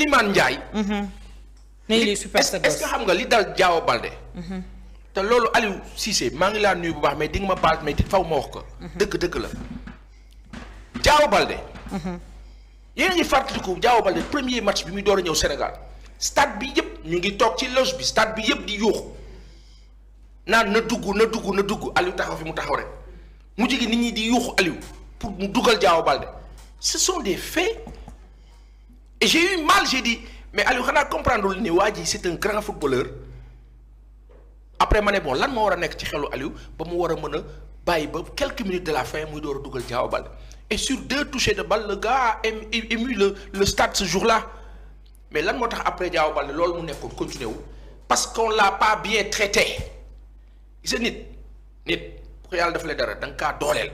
Eliman Ndiaye. Mhm. li est-ce que xam nga li dal Diao Balde. Mhm. te loolu Aliou Cissé maa ngi laa nuyu bu baax mais di nga ma baal mais it faw ma wax ko. dëkk mhm. dëkk la Diao Balde. yéen a ngi fàttaliku Diao Balde premier match bi muy door a ñëw Sénégal stade bi yëpp ñu ngi toog ci loge bi stade bi yëpp di yuux naan na dugg na dugg na dugg Aliou taxaw fi mu taxaw rek mujj gi nit ñi di yuuxu Aliou pour mu dugal Diao Balde ce sont des faits. et j'ai mais Aliou xanaa comprendre lu ni waa ji c'est un grand footballeur après ma ne bon lan moo war a nekk ci xelu Aliou ba mu war a mën a bàyyi ba quelques minutes de la fin muy door a dugal Diao Baldé et sur deux touchés de balle le gars a ému le le stade ce jour la mais lan moo tax après Diao Baldé loolu mu nekkoon continué wu parce qu'on l'a pas bien traité gis nit nit bu ko yàlla defalee dara da nga dooleel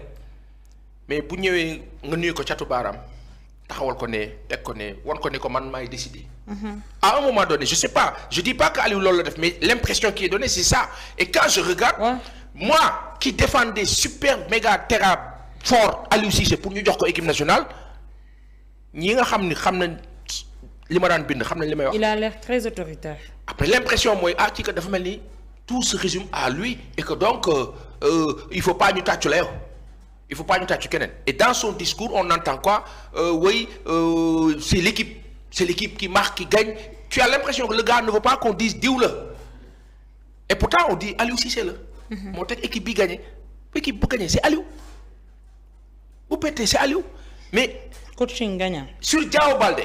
mais bu ñëwee nga nuyu ko catu baaraam. taxawal ko ne teg ko ne wan ko ne ko man maay décider. Mhm. à un moment donné je sais pas je dis pas que Aliou loolu la def mais l'impression qui est donnée c'est ça et quand je regarde. Ouais. moi qui défendais super méga terra fort Aliou Cissé pour ñu jox ko équipe nationale ñi nga xam ni xam nañ li ma daan bind xam nañ li may wax. il a l'air très autoritaire. après l'impression mooy ah ci que dafa mel ni tout se résume à lui et que donc euh, euh, il faut pas ñu tàccu la il faut pas ñu tàccu keneen et dans son discours on entend quoi euh, oui euh, c'est l'équipe c'est l'équipe qui marque qui gagne tu as l'impression que le gars ne veut pas qu'on dise diw la et pourtant on dit Aliou Cissé la. Mhm. moo tax équipe bi gagné équipe bu gagné c'est Aliou bu pété c'est Aliou mais. coaching gagnant. sur Diao Baldé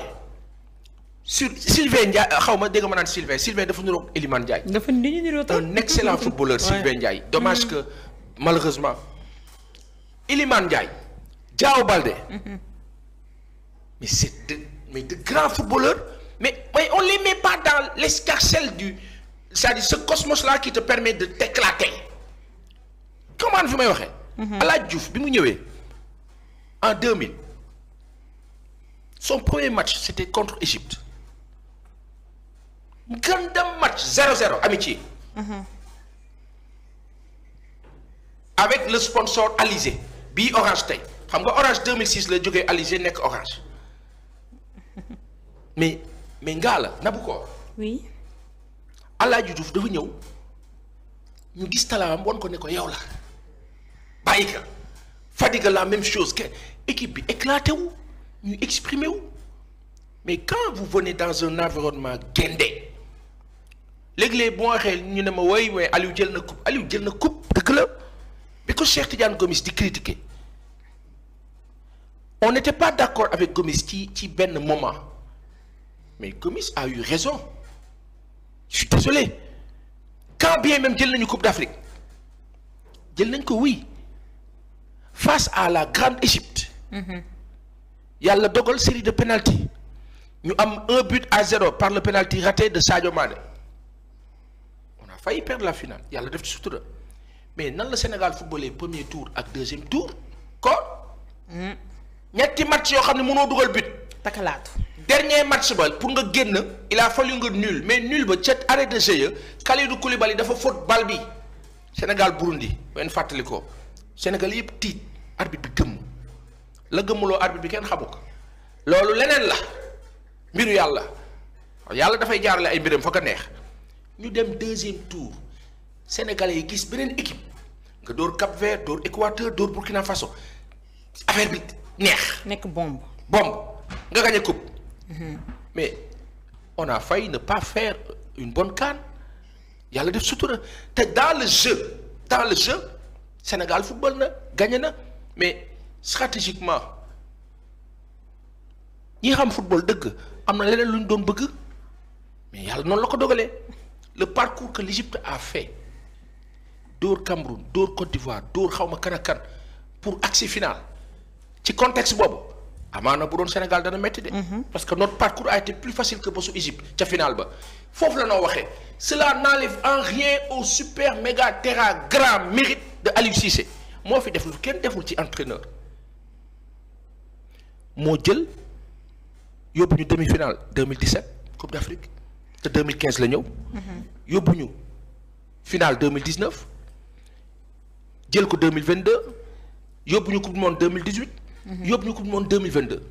sur Sylvain Ndiaye euh, xaw ma dégg ma naan Sylvain Sylvain dafa niroog Elimane Ndiaye. dafa ni ñu niroog un excellent footballeur Sylvain Ndiaye. dommage mhm. que malheureusement. Iliman Ndiaye Diao Baldé mais c'est de mais de grands footballeurs mais mais on les met pas dans l'escarcelle du cest dire ce cosmos là qui te permet de t'éclater comment fi may waxe Alaaji Diouf bi mu ñëwee en 2000 son premier match c'était contre Égypte gandam match 0-0 amitié mhm. avec le sponsor Alizé bii orange tey xam nga orange 2006 la jógee Alizé nekk orange mais mais ngaa la nabu ko. oui. Alaaji Diouf dafa ñëw ñu gis talaam won ko ne yow la bàyyi ka Fadiga la même chose que équipe bi éclaté wu ñu exprimé wu mais quand vous venez dans un environnement gendé léeg-léeg bu ma waxee ñu ne ma woy mais Aliou jël na coupe Aliou jël na coupe dëgg la. bi ko Cheikh Tidiane Gomis di critiquer on n'était pas d'accord avec Gomis ci ci benn moment mais Gomis a eu raison je désolé quand bien même jël nañu Coupe d'Afrique jël nañ ko oui face à la Grande Égypte mm-hmm. yàlla dogal série de penalty ñu am un but à zéro par le penalty raté de Sadio Mané on a failli perdre la finale yàlla def ci sutura mais nan la Sénégal footballé premier tour ak deuxième tour. ko ñetti match yoo xam ne mënoo dugal but. takalaatu. dernier match ba pour nga génn il a fallu nga nul mais nul ba ca arrêt de jeu Kalidou Koulibaly dafa faute bal bi Sénégal Burundi wen fàttali ko Sénégal yëpp tiit arbitre bi gëmm la gëmmuloo arbitre bi kenn xamu ko loolu leneen la mbiru yàlla yàlla dafay jaarale ay mbiram fa neex ñu dem deuxième tour. sénégalais yi gis beneen équipe nga dóor Cap Vert dóor Équateur dóor Burkina Faso affaire bi neex. nekk bombe. bombe nga gagné coupe. Mhm. mais on a failli ne pas faire une bonne CAN yàlla def sutura te dans le jeu dans le jeu Sénégal football na gagné na mais stratégiquement ñi xam football dëgg am na leneen lu ñu doon bëgg mais yàlla noonu la ko dogalee le parcours que l'Égypte a fait. dóor Cameroun dóor Côte d'Ivoire dóor xawma kan ak kan pour agsi final ci contexte boobu amaana bu doon Sénégal dana métti de. Mhm. parce que notre parcours a été plus facile que bésu Égypte ca final ba foofu la noo waxee cela n'enlève en rien au super méga terra grand mérite de Aliou Cissé moo fi def lu kenn deful ci entraîneur moo jël yóbbu ñu demi finale 2017 Coupe d'Afrique te 2015 la ñëw. Mhm. yóbbu ñu finale jël ko 2022 yóbbu ñu coupe du monde 2018. Mhm. yóbbu ñu coupe du monde 2022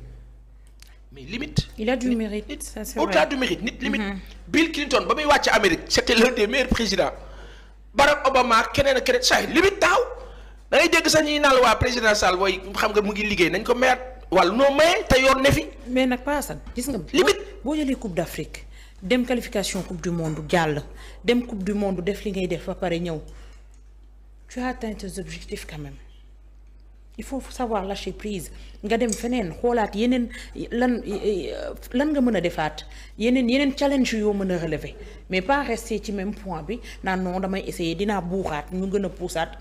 mais limite. il a du mérite nit ça c'est vrai au-delà du mérite nit limite. Mhm. Bill Clinton ba muy wàcc Amérique c'était l'un des meilleurs présidents Barack Obama keneen ak keneen saa limite taaw da ngay dégg sax ñuy naan waa président Sall booy xam nga mu ngi liggéey nañ ko mayaat wàllu noo maye te yoon ne fi. mais nag Pa gis nga. limite boo jëlee coupe d'Afrique dem qualification coupe du monde jàll dem coupe du monde def li ngay def ba pare ñëw. tu as atteint tes objectifs quand même il faut savoir lâcher prise nga dem feneen xoolaat yeneen lan lan nga mën a defaat yeneen yeneen challenge yoo mën a relever mais pas rester ci même point bi naan non damay essayer dinaa buuxaat ñu gën a puusaat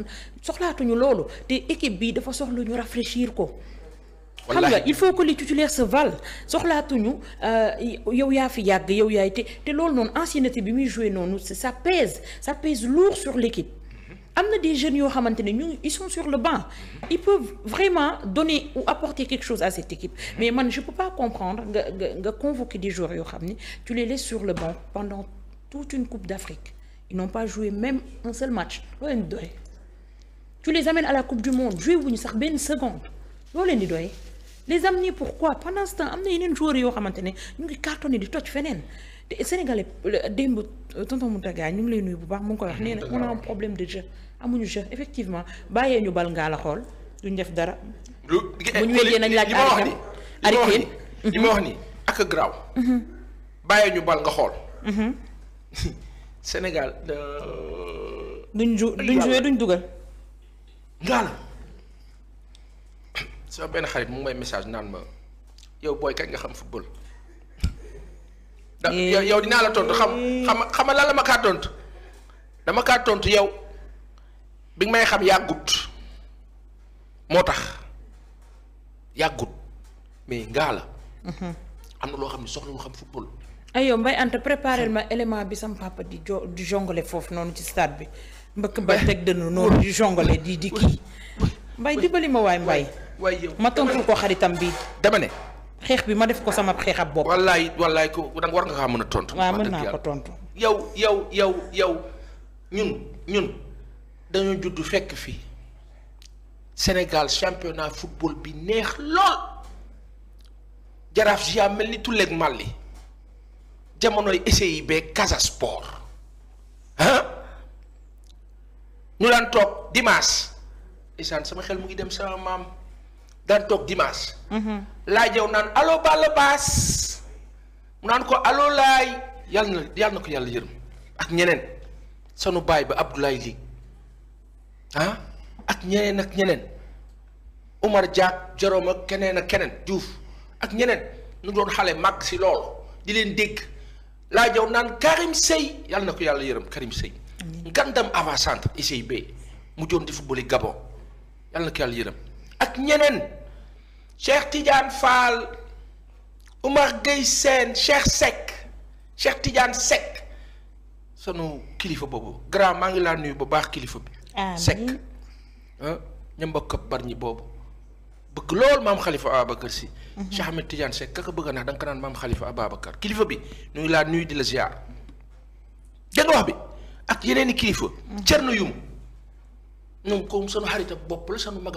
soxlaatuñu loolu te équipe bi dafa soxla ñu rafraîchir ko. xam nga il faut que les titulaires se valent soxlaatuñu euh, yow yaa fi yàgg yow yaay te te loolu noonu ancienneté bi muy joué noonu ça pèse ça pèse lourd sur l'équipe am na des jeunes yoo xamante ne ñu ngi ils sont sur le banc ils peuvent vraiment donner ou apporter quelque chose à cette équipe mais man je peux pas comprendre nga nga nga convoquer des joueurs yoo xam ne tu les laisses sur le banc pendant toute une coupe d'Afrique ils n'ont pas joué même un seul match loo leen di doy tu les amènes à la coupe du monde joué wuñu sax benn seconde loo leen di doy les amener pourquoi pendant ce temps am na yeneen joueurs yoo xamante ne ñu ngi cartonné di toj feneen te sénégalais démb euh, tonton Moutaga ñu ngi lay nuyu bu baax mu ngi koy wax nee na on a un problème de jeu amuñu jeu effectivement bàyyee ñu bal ngaa la xool duñ def dara. lu bu ñu wéyee nañ laaj. Harry Kane ni ak graw mhm. bàyyee ñu bal xool. Mhm. Sénégal. Euh, duñ ju duñ joué duñ dugal. ngaa soo benn xarit mu may message naan ma yow booy kañ nga xam football. da eh. yow dinaa la tontu xam xam xama lan la ma kaa tontu dama kaa tontu yow bi may xam yàggut moo tax yàggut mais ngaa la. Mhm. am na loo xam ne soxla nga xam football. ayo mbay anta préparer ma élément bi sam di jo di jongale foofu noonu ci stade bi mbëkk ba teg dënnu noonu di jongale di di mbay dimbali ma waay mbay waaye yow ma tontul ko xaritam bi dama ne. xeex bi ma def ko sama xeex ab bopp. wallaay wallaay ko da war nga kaa mën a tontu. waaw mën naa ko tontu. yow yow yow yow ñun ñun dañoo judd fekk fii Sénégal championnat football bi neex lool jaraaf ji mel ni tulleeg màlli jamonoy essai yi ñu daan toog dimanche. sama xel mu ngi dem sama maam. daan toog dimanche. laa yow naan aloo Balla Baas mu naan ko allo laay yàlla na na ko yàlla yërëm ak ñeneen sanu baay ba Abdoulaye Ly ah ak ñeneen ak ñeneen Umar Diak Jérôme ak keneen ak keneen Diouf ak ñeneen ñu doon xale màgg si loolu di leen dégg laay yow naan Karim Sey yàlla na ko yàlla yërëm Karim Sey. ngandam avant centre ICB mu joon di football Gabon yàlla na ko yàlla yërëm ak ñeneen. Cheikh Tidiane Fall Umar Gueye Sène Cheikh Seck Cheikh Tidiane Seck sunu kilifa boobu grand maa ngi laa nuyu bu baax kilifa bi. amiin Seck ah, ña mbokk bari ñi boobu bëgg lool maam Khalifa Ababacar si. Mhm. Cheikh Ahmed Tidiane Seck kaka bëgg naa da nga ko naan maam Khalifa Ababacar kilifa bi ñu ngi laa nuyu di la ziar dégg wax bi ak yeneen i kilifa. Mhm. cër na yum ñoom comme sunu xarita bopp la sunu mag